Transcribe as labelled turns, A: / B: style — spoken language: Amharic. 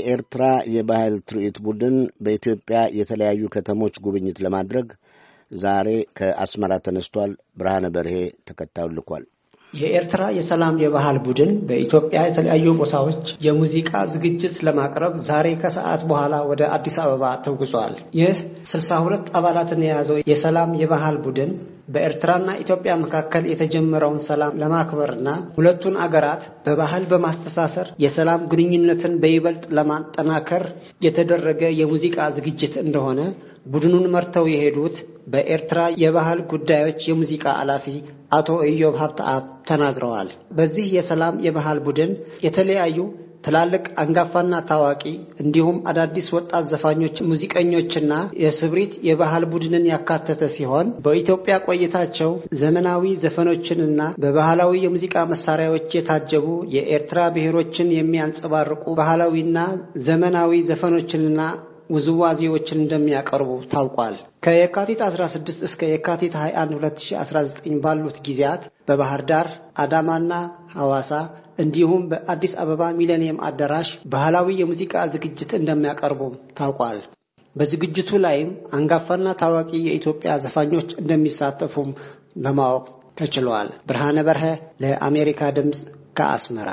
A: የኤርትራ የባህል ትርኢት ቡድን በኢትዮጵያ የተለያዩ ከተሞች ጉብኝት ለማድረግ ዛሬ ከአስመራ ተነስቷል። ብርሃነ በርሄ ተከታዩ ልኳል።
B: የኤርትራ የሰላም የባህል ቡድን በኢትዮጵያ የተለያዩ ቦታዎች የሙዚቃ ዝግጅት ለማቅረብ ዛሬ ከሰዓት በኋላ ወደ አዲስ አበባ ተጉዟል። ይህ ስልሳ ሁለት አባላትን የያዘው የሰላም የባህል ቡድን በኤርትራና ኢትዮጵያ መካከል የተጀመረውን ሰላም ለማክበርና ሁለቱን አገራት በባህል በማስተሳሰር የሰላም ግንኙነትን በይበልጥ ለማጠናከር የተደረገ የሙዚቃ ዝግጅት እንደሆነ ቡድኑን መርተው የሄዱት በኤርትራ የባህል ጉዳዮች የሙዚቃ ኃላፊ አቶ ኢዮብ ሀብተአብ ተናግረዋል። በዚህ የሰላም የባህል ቡድን የተለያዩ ትላልቅ አንጋፋና ታዋቂ እንዲሁም አዳዲስ ወጣት ዘፋኞች፣ ሙዚቀኞችና የስብሪት የባህል ቡድንን ያካተተ ሲሆን በኢትዮጵያ ቆይታቸው ዘመናዊ ዘፈኖችንና በባህላዊ የሙዚቃ መሳሪያዎች የታጀቡ የኤርትራ ብሔሮችን የሚያንጸባርቁ ባህላዊና ዘመናዊ ዘፈኖችንና ውዝዋዜዎችን እንደሚያቀርቡ ታውቋል። ከየካቲት 16 እስከ የካቲት 21 2019 ባሉት ጊዜያት በባህር ዳር፣ አዳማና ሐዋሳ እንዲሁም በአዲስ አበባ ሚሌኒየም አዳራሽ ባህላዊ የሙዚቃ ዝግጅት እንደሚያቀርቡ ታውቋል። በዝግጅቱ ላይም አንጋፋና ታዋቂ የኢትዮጵያ ዘፋኞች እንደሚሳተፉም ለማወቅ ተችሏል። ብርሃነ በርሀ ለአሜሪካ ድምፅ ከአስመራ